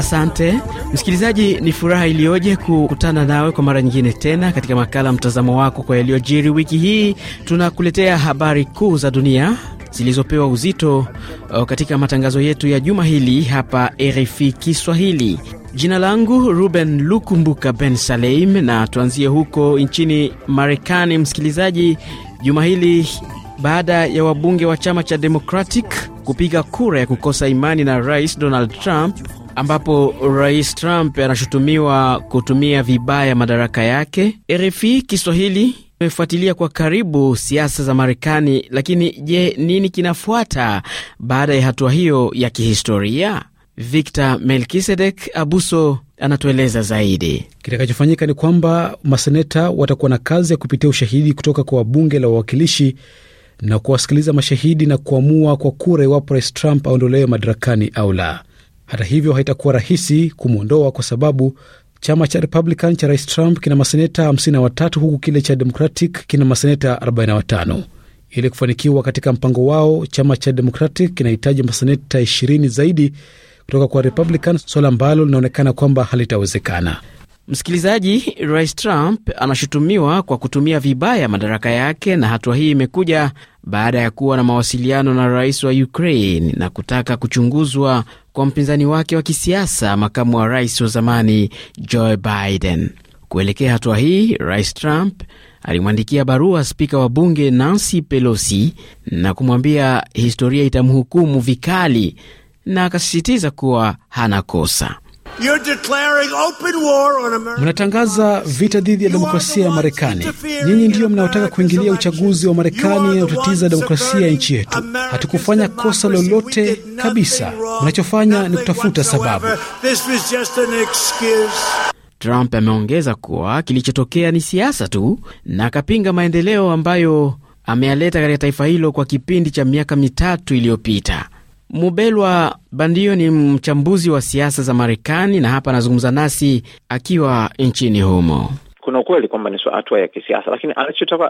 Asante msikilizaji, ni furaha iliyoje kukutana nawe kwa mara nyingine tena katika makala mtazamo wako kwa yaliyojiri wiki hii. Tunakuletea habari kuu za dunia zilizopewa uzito katika matangazo yetu ya juma hili hapa RFI Kiswahili. Jina langu Ruben Lukumbuka Ben Saleim, na tuanzie huko nchini Marekani. Msikilizaji, juma hili baada ya wabunge wa chama cha Democratic kupiga kura ya kukosa imani na Rais Donald Trump ambapo Rais Trump anashutumiwa kutumia vibaya madaraka yake. RFI Kiswahili imefuatilia kwa karibu siasa za Marekani, lakini je, nini kinafuata baada ya hatua hiyo ya kihistoria? Victor Melkisedek Abuso anatueleza zaidi. Kitakachofanyika ni kwamba maseneta watakuwa na kazi ya kupitia ushahidi kutoka kwa bunge la wawakilishi na kuwasikiliza mashahidi na kuamua kwa kura iwapo Rais Trump aondolewe madarakani au la. Hata hivyo, haitakuwa rahisi kumwondoa kwa sababu chama cha Republican cha Rais Trump kina maseneta 53 huku kile cha Democratic kina maseneta 45. Ili kufanikiwa katika mpango wao, chama cha Democratic kinahitaji maseneta 20 zaidi kutoka kwa Republican, swala ambalo linaonekana kwamba halitawezekana. Msikilizaji, Rais Trump anashutumiwa kwa kutumia vibaya madaraka yake, na hatua hii imekuja baada ya kuwa na mawasiliano na rais wa Ukraine na kutaka kuchunguzwa kwa mpinzani wake wa kisiasa, makamu wa rais wa zamani Joe Biden. Kuelekea hatua hii, Rais Trump alimwandikia barua spika wa bunge Nancy Pelosi na kumwambia historia itamhukumu vikali, na akasisitiza kuwa hana kosa. Mnatangaza vita dhidi ya demokrasia ya Marekani. Nyinyi ndiyo mnaotaka kuingilia uchaguzi wa Marekani na utatiza demokrasia ya nchi yetu. Hatukufanya kosa lolote kabisa, mnachofanya ni kutafuta sababu. Trump ameongeza kuwa kilichotokea ni siasa tu na akapinga maendeleo ambayo amealeta katika taifa hilo kwa kipindi cha miaka mitatu iliyopita. Mubelwa Bandio ni mchambuzi wa siasa za Marekani na hapa anazungumza nasi akiwa nchini humo. Kuna ukweli kwamba ni hatua ya kisiasa, lakini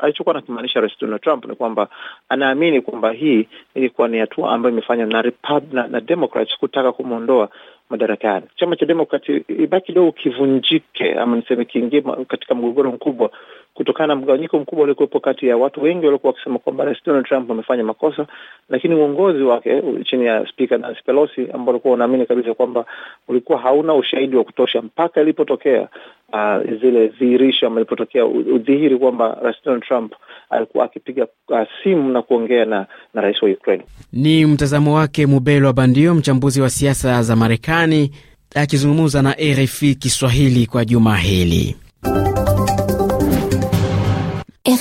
alichokuwa nakimaanisha Rais Donald Trump ni kwamba anaamini kwamba hii ilikuwa ni hatua ambayo imefanywa na na, na Democrats kutaka kumwondoa madarakani. Chama cha Demokrati ibaki kidogo kivunjike, ama niseme kiingie katika mgogoro mkubwa kutokana na mgawanyiko mkubwa uliokuwepo kati ya watu wengi waliokuwa wakisema kwamba Rais Donald Trump amefanya makosa, lakini uongozi wake chini ya Spika Nancy Pelosi ambao likuwa unaamini kabisa kwamba ulikuwa hauna ushahidi wa kutosha mpaka ilipotokea uh, zile dhihirisho ama ilipotokea udhihiri kwamba Rais Donald Trump alikuwa akipiga uh, simu na kuongea na, na rais wa Ukraine. Ni mtazamo wake Mubelo wa Bandio, mchambuzi wa siasa za Marekani akizungumza na RFI Kiswahili kwa juma hili.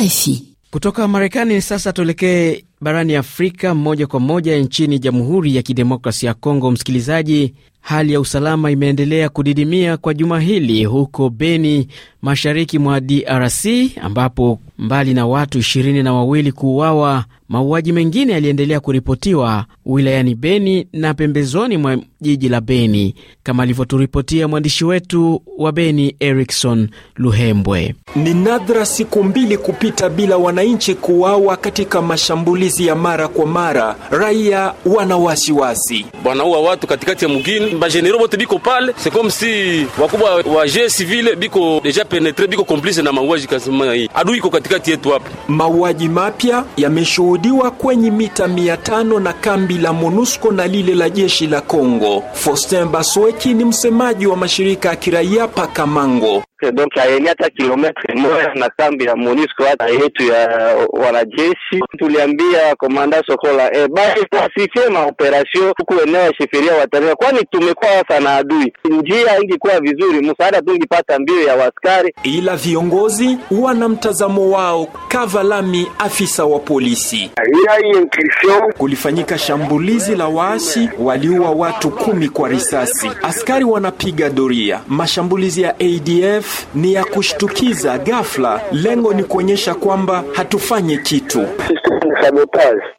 RFI kutoka Marekani. Sasa tuelekee barani Afrika moja kwa moja nchini Jamhuri ya Kidemokrasi ya Kongo. Msikilizaji, hali ya usalama imeendelea kudidimia kwa juma hili huko Beni, mashariki mwa DRC, ambapo mbali na watu ishirini na wawili kuuawa Mauaji mengine yaliendelea kuripotiwa wilayani Beni na pembezoni mwa jiji la Beni, kama alivyoturipotia mwandishi wetu wa Beni Erikson Luhembwe. Ni nadra siku mbili kupita bila wananchi kuawa katika mashambulizi ya mara kwa mara. Raia wana wasiwasi, wanaua watu katikati ya mugini. Bajenero bote biko pale, se comme si wakubwa wa je civile biko deja penetre, biko komplise na mauaji kasema hii. Adui iko katikati yetu hapa. Mauaji mapya yameshuhudiwa kushuhudiwa kwenye mita mia tano na kambi la MONUSCO na lile la jeshi la Kongo. Faustin Basweki ni msemaji wa mashirika ya kiraia Pakamango donc haeni hata kilometre moya na kambi ya monisco hata yetu ya wanajeshi. Tuliambia komanda Sokola e, eh, basi asifie maoperasio huku eneo ya shifiria wa kwani tumekuwa sasa na adui. Njia ingekuwa vizuri, msaada tungipata mbio ya waskari, ila viongozi wana mtazamo wao. Kavalami, afisa wa polisi: kulifanyika shambulizi la waasi, waliua watu kumi kwa risasi, askari wanapiga doria, mashambulizi ya ADF ni ya kushtukiza ghafla, lengo ni kuonyesha kwamba hatufanyi kitu.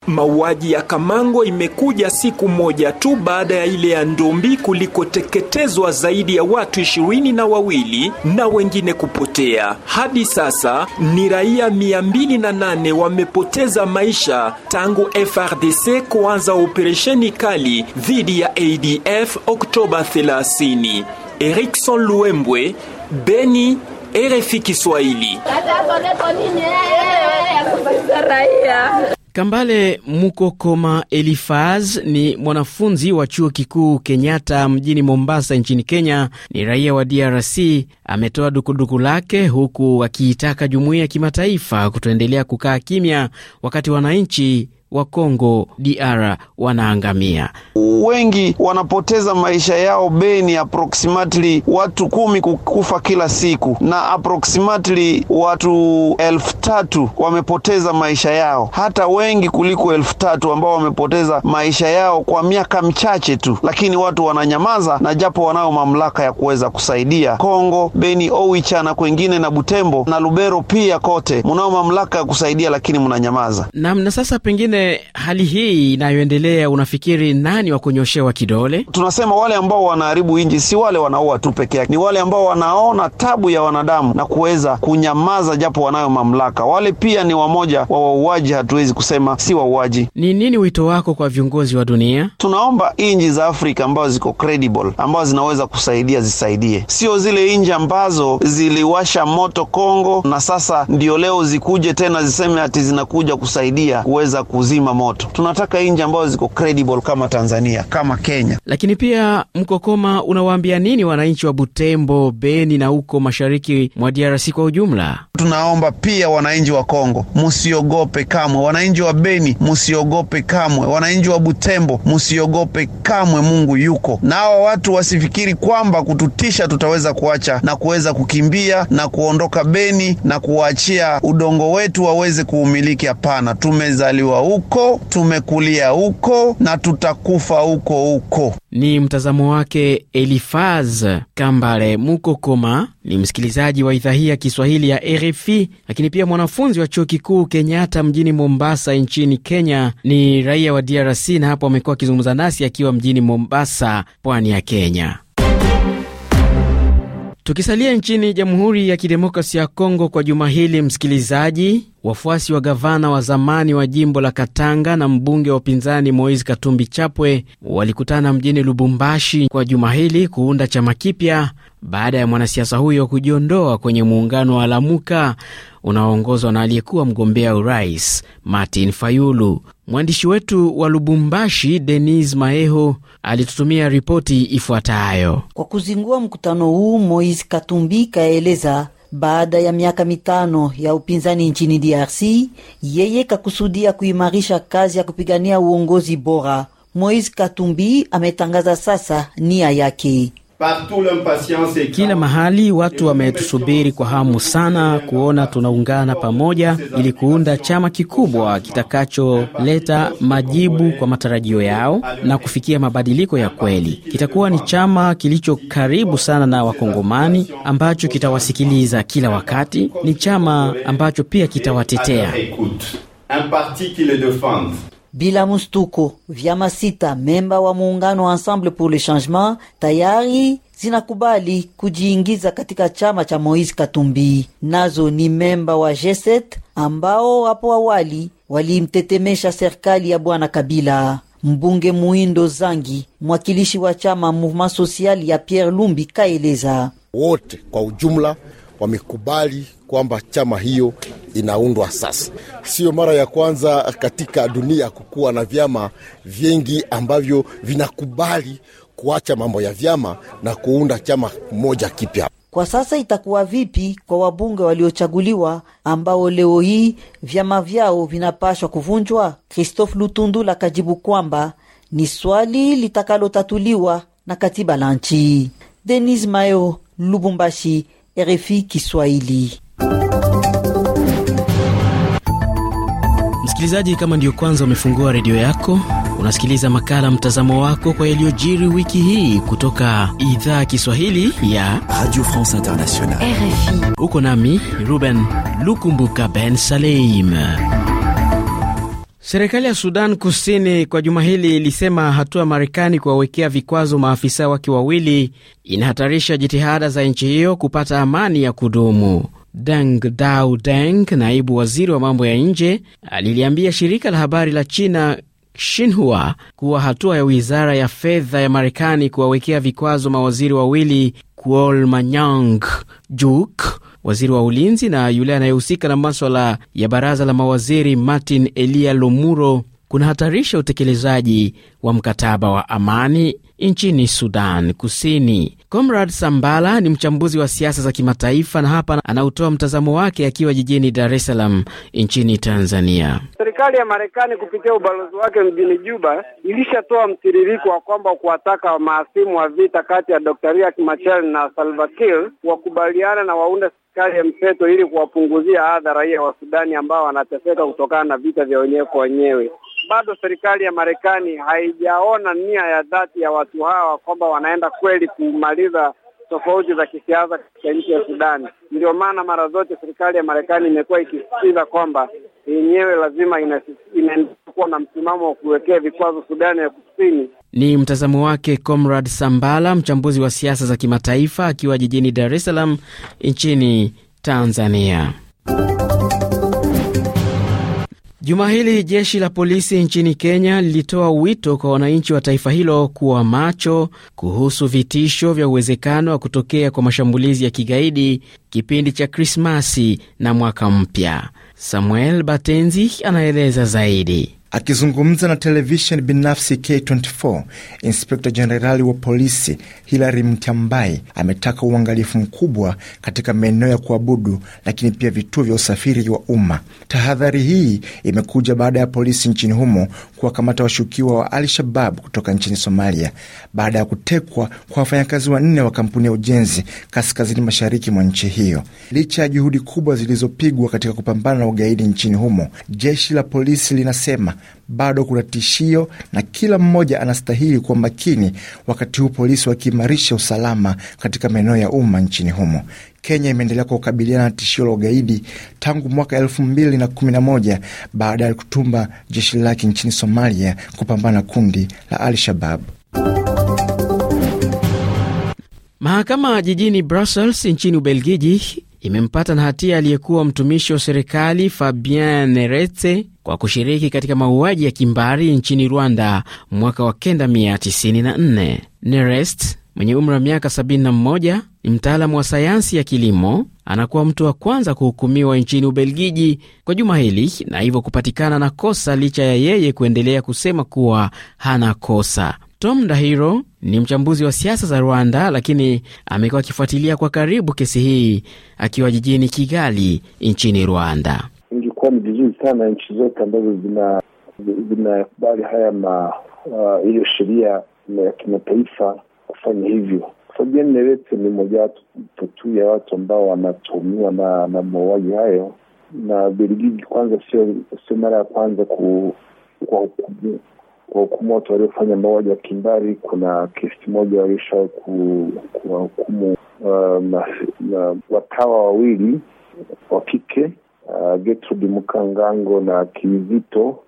Mauaji ya Kamango imekuja siku moja tu baada ya ile ya Ndombi kulikoteketezwa zaidi ya watu ishirini na wawili na wengine kupotea. Hadi sasa ni raia mia mbili na nane wamepoteza maisha tangu FRDC kuanza operesheni kali dhidi ya ADF Oktoba 30. Erikson Luembwe, Beni, RFI Kiswahili. Kambale Mukokoma Elifaz ni mwanafunzi wa chuo kikuu Kenyatta mjini Mombasa nchini Kenya. Ni raia wa DRC. Ametoa dukuduku lake huku akiitaka jumuiya ya kimataifa kutoendelea kukaa kimya wakati wananchi wa Kongo DR wanaangamia, wengi wanapoteza maisha yao. Beni approximately watu kumi kukufa kila siku na approximately watu elfu tatu wamepoteza maisha yao, hata wengi kuliko elfu tatu ambao wamepoteza maisha yao kwa miaka michache tu, lakini watu wananyamaza, na japo wanao mamlaka ya kuweza kusaidia Kongo, Beni, Owicha na kwengine na Butembo na Lubero pia kote munao mamlaka ya kusaidia, lakini mnanyamaza na Sasa pengine pengine hali hii inayoendelea, unafikiri nani wa kunyoshewa kidole? Tunasema wale ambao wanaharibu inji si wale wanaua tu peke yake, ni wale ambao wanaona tabu ya wanadamu na kuweza kunyamaza japo wanayo mamlaka. Wale pia ni wamoja wa wauaji, hatuwezi kusema si wauaji. Ni nini wito wako kwa viongozi wa dunia? Tunaomba inji za Afrika ambazo ziko credible, ambazo zinaweza kusaidia zisaidie, sio zile inji ambazo ziliwasha moto Kongo na sasa ndio leo zikuje tena ziseme ati zinakuja kusaidia kuweza kuzi kuzima moto. Tunataka nchi ambazo ziko credible kama Tanzania, kama Kenya. Lakini pia Mkokoma, unawaambia nini wananchi wa Butembo, Beni na huko mashariki mwa DRC kwa ujumla? Tunaomba pia wananchi wa Kongo musiogope kamwe, wananchi wa Beni musiogope kamwe, wananchi wa Butembo musiogope kamwe, Mungu yuko na hawa watu wasifikiri kwamba kututisha tutaweza kuacha na kuweza kukimbia na kuondoka Beni na kuwaachia udongo wetu waweze kuumiliki. Hapana, tumezaliwa huko, tumekulia huko na tutakufa huko huko. Ni mtazamo wake Elifaz Kambale Mukokoma, ni msikilizaji wa idhaa hii ya Kiswahili ya RFI, lakini pia mwanafunzi wa chuo kikuu Kenyatta mjini Mombasa nchini Kenya. Ni raia wa DRC na hapo amekuwa akizungumza nasi akiwa mjini Mombasa, pwani ya Kenya. Tukisalia nchini Jamhuri ya Kidemokrasi ya Kongo kwa juma hili, msikilizaji, wafuasi wa gavana wa zamani wa jimbo la Katanga na mbunge wa upinzani Moise Katumbi Chapwe walikutana mjini Lubumbashi kwa juma hili kuunda chama kipya baada ya mwanasiasa huyo kujiondoa kwenye muungano wa Lamuka unaoongozwa na aliyekuwa mgombea urais Martin Fayulu. Mwandishi wetu wa Lubumbashi, Denis Maeho, alitutumia ripoti ifuatayo. Kwa kuzingua mkutano huu, Moise Katumbi kaeleza baada ya miaka mitano ya upinzani nchini DRC, yeye kakusudia kuimarisha kazi ya kupigania uongozi bora. Moise Katumbi ametangaza sasa nia yake kila mahali watu wametusubiri kwa hamu sana kuona tunaungana pamoja ili kuunda chama kikubwa kitakacholeta majibu kwa matarajio yao na kufikia mabadiliko ya kweli. Kitakuwa ni chama kilicho karibu sana na Wakongomani, ambacho kitawasikiliza kila wakati. Ni chama ambacho pia kitawatetea bila mustuko, vyama sita memba wa muungano wa Ensemble pour le Changement tayari zinakubali kujiingiza katika chama cha Moise Katumbi. Nazo ni memba wa G7 ambao hapo awali walimtetemesha serikali ya bwana Kabila. Mbunge Muindo Zangi, mwakilishi wa chama Mouvement Social ya Pierre Lumbi, kaeleza wote kwa ujumla wamekubali kwamba chama hiyo inaundwa sasa. Siyo mara ya kwanza katika dunia kukuwa na vyama vingi ambavyo vinakubali kuacha mambo ya vyama na kuunda chama moja kipya. Kwa sasa itakuwa vipi kwa wabunge waliochaguliwa ambao leo hii vyama vyao vinapashwa kuvunjwa? Christophe Lutundula kajibu kwamba ni swali litakalotatuliwa na katiba la nchi. Denis Mayo, Lubumbashi. RFI Kiswahili. Msikilizaji, kama ndiyo kwanza umefungua redio yako, unasikiliza makala mtazamo wako kwa yaliyojiri wiki hii kutoka idhaa Kiswahili ya Radio France Internationale, RFI. Uko nami Ruben Lukumbuka Ben Saleim. Serikali ya Sudan Kusini kwa juma hili ilisema hatua Marekani kuwawekea vikwazo maafisa wake wawili inahatarisha jitihada za nchi hiyo kupata amani ya kudumu. Deng Dau Deng, naibu waziri wa mambo ya nje, aliliambia shirika la habari la China Xinhua kuwa hatua ya wizara ya fedha ya Marekani kuwawekea vikwazo mawaziri wawili Kuol Manyang Juk waziri wa ulinzi na yule anayehusika na maswala ya baraza la mawaziri Martin Elia Lomuro kunahatarisha utekelezaji wa mkataba wa amani nchini Sudan Kusini. Comrad Sambala ni mchambuzi wa siasa za kimataifa na hapa anautoa mtazamo wake akiwa jijini Dar es Salaam nchini Tanzania. Serikali ya Marekani kupitia ubalozi wake mjini Juba ilishatoa mtiririko wa kwamba kuwataka maasimu wa vita kati ya Dr. Riek Machar na Salva Kiir wakubaliana na waunde serikali ya mseto ili kuwapunguzia adha raia wa Sudani ambao wanateseka kutokana na vita vya wenyewe kwa wenyewe. Bado serikali ya Marekani haijaona nia ya dhati ya watu hawa kwamba wanaenda kweli kumaliza tofauti za kisiasa katika nchi ya Sudani. Ndio maana mara zote serikali ya Marekani imekuwa ikisisitiza kwamba yenyewe lazima inaendelea kuwa na msimamo wa kuwekea vikwazo Sudani ya Kusini. Ni mtazamo wake comrad Sambala, mchambuzi wa siasa za kimataifa akiwa jijini Dar es Salaam nchini Tanzania. Juma hili jeshi la polisi nchini Kenya lilitoa wito kwa wananchi wa taifa hilo kuwa macho kuhusu vitisho vya uwezekano wa kutokea kwa mashambulizi ya kigaidi kipindi cha Krismasi na mwaka mpya. Samuel Batenzi anaeleza zaidi. Akizungumza na televisheni binafsi K24, inspekta jenerali wa polisi Hilary mtambai ametaka uangalifu mkubwa katika maeneo ya kuabudu, lakini pia vituo vya usafiri wa umma. Tahadhari hii imekuja baada ya polisi nchini humo kuwakamata washukiwa wa Al Shabab kutoka nchini Somalia baada ya kutekwa kwa wafanyakazi wanne wa kampuni ya ujenzi kaskazini mashariki mwa nchi hiyo. Licha ya juhudi kubwa zilizopigwa katika kupambana na ugaidi nchini humo, jeshi la polisi linasema bado kuna tishio na kila mmoja anastahili kuwa makini, wakati huu polisi wakiimarisha usalama katika maeneo ya umma nchini humo. Kenya imeendelea kwa kukabiliana na tishio la ugaidi tangu mwaka elfu mbili na kumi na moja baada ya kutumba jeshi lake nchini Somalia kupambana na kundi la Al-Shabab. Mahakama jijini Brussels nchini Ubelgiji imempata na hatia aliyekuwa mtumishi wa serikali Fabien Neretse kwa kushiriki katika mauaji ya kimbari nchini Rwanda mwaka wa 1994. Nerest mwenye umri wa miaka 71 ni mtaalamu wa sayansi ya kilimo. Anakuwa mtu wa kwanza kuhukumiwa nchini Ubelgiji kwa juma hili na hivyo kupatikana na kosa licha ya yeye kuendelea kusema kuwa hana kosa. Tom Dahiro ni mchambuzi wa siasa za Rwanda, lakini amekuwa akifuatilia kwa karibu kesi hii akiwa jijini Kigali nchini Rwanda. Ingekuwa ni vizuri sana nchi zote ambazo zinakubali haya ma uh, hiyo sheria ya kimataifa kufanya hivyo. Fabian nerete ni mojawapo tu ya watu ambao wanatuhumiwa na, na mauaji hayo na Belgiji. Kwanza sio mara ya kwanza ku, ku, kuwahukumu watu waliofanya mauaji ya kimbari. Kuna kesi moja walisha kuwahukumu uh, watawa wawili wa kike uh, mkangango Mukangango na Kizito,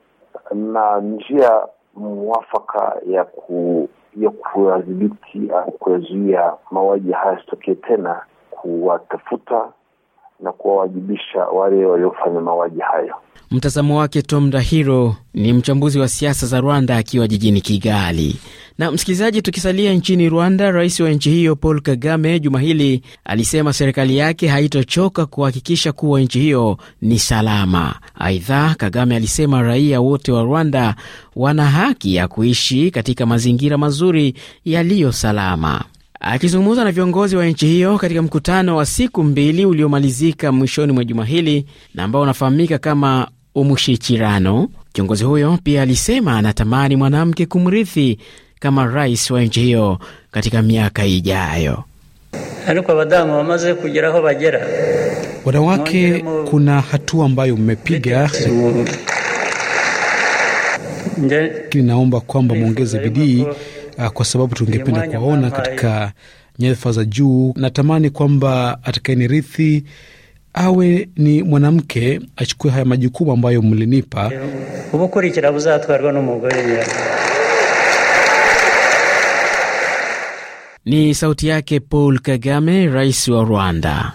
na njia mwafaka ya ku ya kuwadhibiti au uh, kuyazuia mauaji haya sitokee tena kuwatafuta na kuwawajibisha wale waliofanya mauaji hayo. Mtazamo wake Tom dahiro ni mchambuzi wa siasa za Rwanda akiwa jijini Kigali. Na msikilizaji, tukisalia nchini Rwanda, rais wa nchi hiyo Paul Kagame juma hili alisema serikali yake haitochoka kuhakikisha kuwa nchi hiyo ni salama. Aidha, Kagame alisema raia wote wa Rwanda wana haki ya kuishi katika mazingira mazuri yaliyo salama. Akizungumza na viongozi wa nchi hiyo katika mkutano wa siku mbili uliomalizika mwishoni mwa juma hili na ambao unafahamika kama Umushichirano, kiongozi huyo pia alisema anatamani mwanamke kumrithi kama rais wa nchi hiyo katika miaka ijayo. Wanawake, kuna hatua ambayo mmepiga, lakini naomba kwamba mwongeze bidii Ah, kwa sababu tungependa kuwaona katika nyadhifa za juu. Natamani kwamba atakayenirithi awe ni mwanamke, achukue haya majukumu ambayo mlinipa. ni sauti yake Paul Kagame, rais wa Rwanda.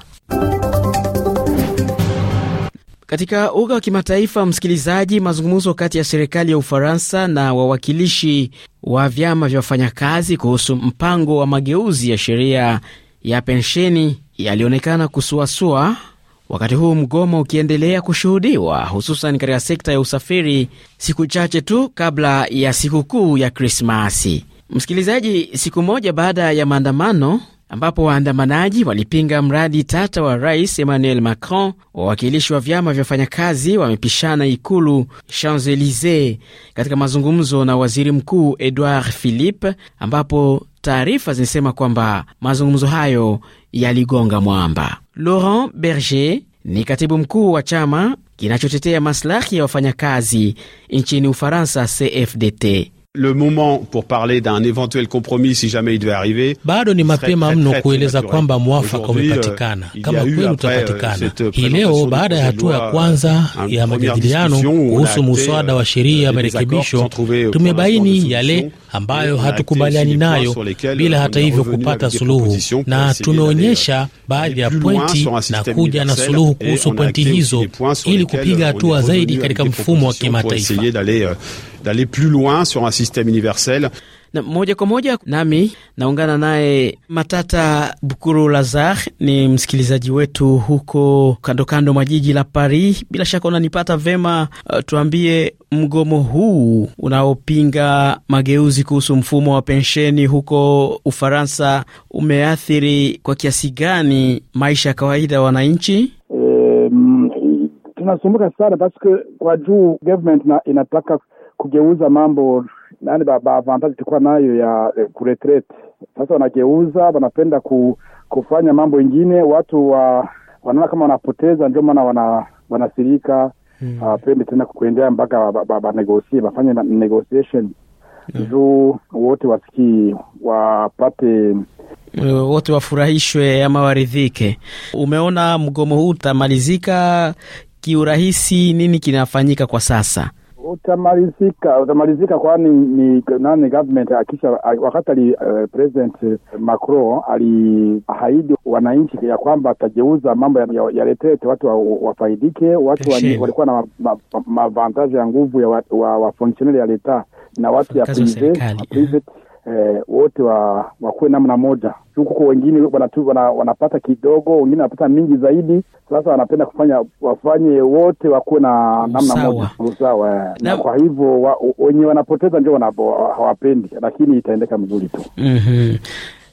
Katika uga wa kimataifa, msikilizaji, mazungumzo kati ya serikali ya Ufaransa na wawakilishi wa vyama vya wafanyakazi kuhusu mpango wa mageuzi ya sheria ya pensheni yalionekana kusuasua, wakati huu mgomo ukiendelea kushuhudiwa hususan katika sekta ya usafiri, siku chache tu kabla ya sikukuu ya Krismasi. Msikilizaji, siku moja baada ya maandamano ambapo waandamanaji walipinga mradi tata wa rais Emmanuel Macron. Wawakilishi wa vyama vya wafanyakazi wamepishana ikulu Champs Elysees katika mazungumzo na waziri mkuu Edouard Philippe, ambapo taarifa zinasema kwamba mazungumzo hayo yaligonga mwamba. Laurent Berger ni katibu mkuu wa chama kinachotetea maslahi ya wafanyakazi nchini Ufaransa, CFDT le moment pour parler d'un éventuel compromis si jamais il devait arriver. Bado ni mapema mno kueleza kwamba mwafaka umepatikana euh, kama kweli euh, utapatikana. Euh, Hii leo baada ya hatua ya kwanza ya majadiliano kuhusu muswada wa sheria ya marekebisho, tumebaini yale ambayo hatukubaliani nayo bila hata hivyo kupata suluhu, na tumeonyesha baadhi ya pointi na kuja na suluhu kuhusu pointi hizo ili kupiga hatua zaidi katika mfumo wa kimataifa d'aller plus loin sur un système universel. Na moja kwa moja nami naungana naye Matata Bukuru Lazar, ni msikilizaji wetu huko kando kando mwa jiji la Paris. Bila shaka unanipata vema. Uh, tuambie mgomo huu unaopinga mageuzi kuhusu mfumo wa pensheni huko Ufaransa umeathiri kwa kiasi gani maisha ya kawaida wananchi? Um, tunasumbuka sana paske kwa juu government na inataka kugeuza mambo yani baavantaji tulikuwa nayo ya eh, sasa wanageuza wanapenda ku, kufanya mambo ingine watu wa wanaona kama wanapoteza ndio maana wana wanasirika hmm. uh, tena kuendea mpaka banegosie ba, ba, bafanye negotiation mm. hmm. wote wasikii wapate eh, wote wafurahishwe ama waridhike. Umeona mgomo huu utamalizika kiurahisi? Nini kinafanyika kwa sasa? utamalizika, utamalizika kwani ni nani government akisha, wakati ali uh, President Macron aliahidi wananchi ya kwamba atajeuza mambo ya, ya, retete, watu wafaidike watu wa, walikuwa na mavantaji ma, ma, ma ya nguvu ya wa, wa, wa, wa ya leta na watu ya private, private eh. eh, wote wa wakuwe namna moja juu kwa wengine wanatu, wana, wanapata kidogo, wengine wanapata mingi zaidi. Sasa wanapenda kufanya wafanye wote wakuwe na namna moja usawa, eh. na kwa hivyo wa, wenye wanapoteza ndio hawapendi, lakini itaendeka mzuri tu. mm -hmm.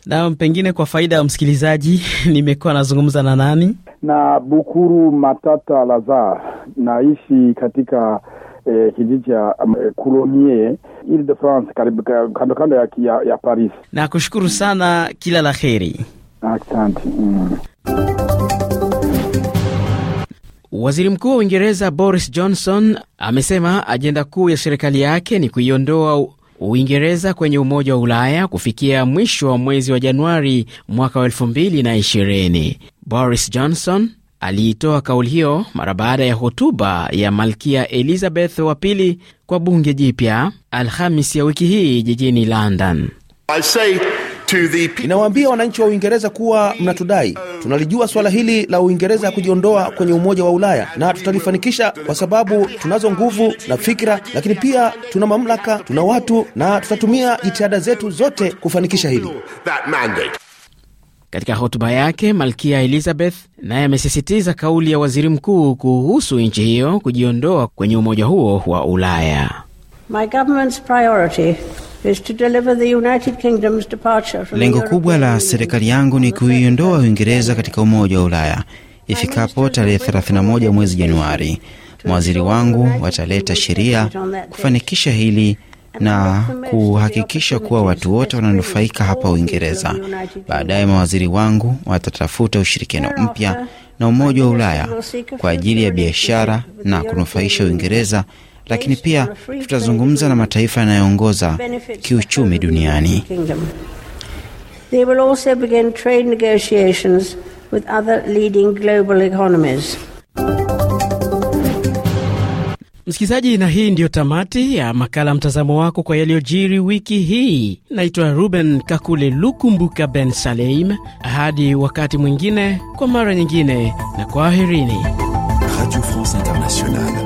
Na pengine kwa faida ya msikilizaji nimekuwa nazungumza na nani? Na Bukuru Matata Lazar, naishi katika eh, kijiji Coulommiers um, eh, ile de France karibu kando kando ya, ya, ya Paris. Nakushukuru sana, kila la heri. Asante mm. Waziri Mkuu wa Uingereza Boris Johnson amesema ajenda kuu ya serikali yake ni kuiondoa Uingereza kwenye Umoja wa Ulaya kufikia mwisho wa mwezi wa Januari mwaka wa 2020. Boris Johnson aliitoa kauli hiyo mara baada ya hotuba ya Malkia Elizabeth wa pili kwa bunge jipya Alhamis ya wiki hii jijini London. Inawaambia wananchi wa Uingereza kuwa mnatudai. Tunalijua suala hili la Uingereza kujiondoa kwenye Umoja wa Ulaya na tutalifanikisha kwa sababu tunazo nguvu na fikira, lakini pia tuna mamlaka, tuna watu na tutatumia jitihada zetu zote kufanikisha hili. Katika hotuba yake, Malkia Elizabeth naye amesisitiza kauli ya waziri mkuu kuhusu nchi hiyo kujiondoa kwenye umoja huo wa Ulaya. My government's priority Lengo kubwa la serikali yangu ni kuiondoa Uingereza katika Umoja wa Ulaya ifikapo tarehe 31 mwezi Januari. Mawaziri wangu wataleta sheria kufanikisha hili na kuhakikisha kuwa watu wote wananufaika hapa Uingereza. Baadaye mawaziri wangu watatafuta ushirikiano mpya na Umoja wa Ulaya kwa ajili ya biashara na kunufaisha Uingereza, lakini pia tutazungumza na mataifa yanayoongoza kiuchumi duniani. They will also begin trade negotiations with other leading global economies. Msikilizaji, na hii ndiyo tamati ya makala mtazamo wako kwa yaliyojiri wiki hii. Naitwa Ruben Kakule Lukumbuka Ben Saleim. Hadi wakati mwingine, kwa mara nyingine, na kwaherini. Radio France Internationale.